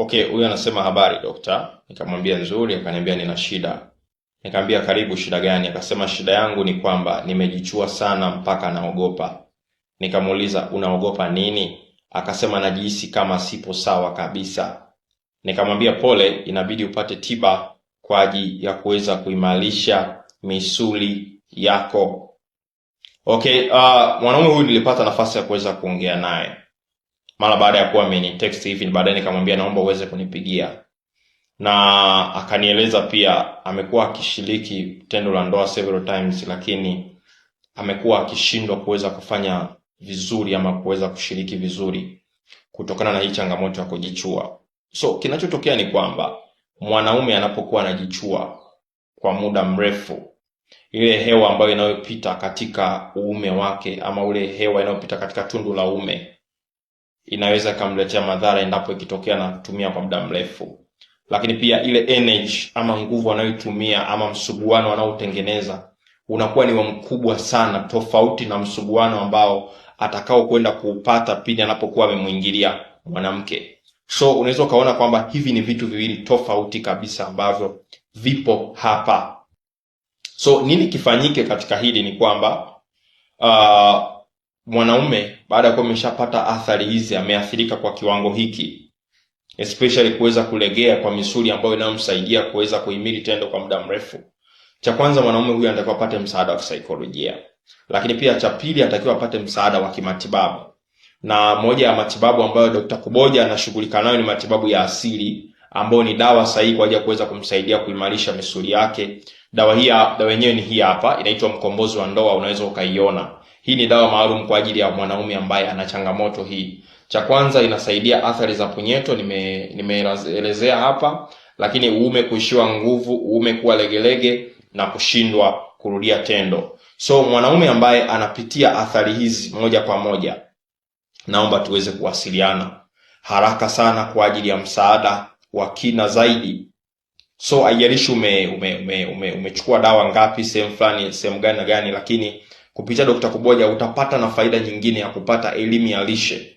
Okay, huyu anasema habari dokta. Nikamwambia nzuri, akaniambia nina shida. Nikamwambia karibu, shida gani? Akasema shida yangu ni kwamba nimejichua sana mpaka naogopa. Nikamuuliza unaogopa nini? Akasema najihisi kama sipo sawa kabisa. Nikamwambia pole, inabidi upate tiba kwa ajili ya kuweza kuimarisha misuli yako. Okay, uh, mwanaume huyu nilipata nafasi ya kuweza kuongea naye mara baada ya kuwa amenitext hivi, baadaye nikamwambia naomba uweze kunipigia, na akanieleza pia amekuwa akishiriki tendo la ndoa several times, lakini amekuwa akishindwa kuweza kufanya vizuri ama kuweza kushiriki vizuri kutokana na hii changamoto ya kujichua. So kinachotokea ni kwamba mwanaume anapokuwa anajichua kwa muda mrefu, ile hewa ambayo inayopita katika uume wake ama ule hewa inayopita katika tundu la uume inaweza ikamletea madhara endapo ikitokea na kutumia kwa muda mrefu. Lakini pia ile energy ama nguvu anayoitumia ama msuguano anaotengeneza unakuwa ni wa mkubwa sana, tofauti na msuguano ambao atakao kwenda kuupata pindi anapokuwa amemwingilia mwanamke. So unaweza ukaona kwamba hivi ni vitu viwili tofauti kabisa ambavyo vipo hapa. So nini kifanyike katika hili ni kwamba uh, mwanaume baada ya kuwa ameshapata athari hizi, ameathirika kwa kiwango hiki, especially kuweza kulegea kwa misuli ambayo inayomsaidia kuweza kuhimili tendo kwa muda mrefu, cha kwanza mwanaume huyu anatakiwa apate msaada wa kisaikolojia, lakini pia cha pili anatakiwa apate msaada wa kimatibabu. Na moja ya matibabu ambayo Dr. Kuboja anashughulika nayo ni matibabu ya asili ambayo ni dawa sahihi kwa ajili ya kuweza kumsaidia kuimarisha misuli yake. Dawa hii dawa yenyewe ni hii hapa, inaitwa mkombozi wa ndoa, unaweza ukaiona hii ni dawa maalum kwa ajili ya mwanaume ambaye ana changamoto hii. Cha kwanza inasaidia athari za punyeto, nimeelezea nime hapa, lakini uume kuishiwa nguvu, uume kuwa legelege na kushindwa kurudia tendo. So mwanaume ambaye anapitia athari hizi moja kwa moja, naomba tuweze kuwasiliana haraka sana kwa ajili ya msaada wa kina zaidi. So haijalishi ume umechukua ume, ume, ume dawa ngapi sehemu fulani sehemu gani na gani, lakini kupitia Dr. Kuboja utapata na faida nyingine ya kupata elimu ya lishe.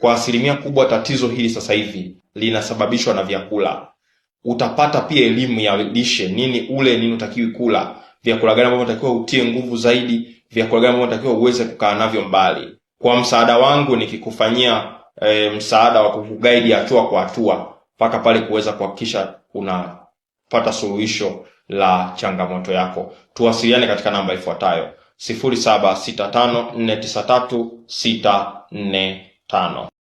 Kwa asilimia kubwa tatizo hili sasa hivi linasababishwa na vyakula. Utapata pia elimu ya lishe, nini ule, nini utakiwi kula, vyakula gani ambavyo unatakiwa utie nguvu zaidi, vyakula gani ambavyo unatakiwa uweze kukaa navyo mbali. Kwa msaada wangu nikikufanyia e, msaada wa kukuguidi hatua kwa hatua mpaka pale kuweza kuhakikisha unapata suluhisho la changamoto yako. Tuwasiliane katika namba ifuatayo. 0765493645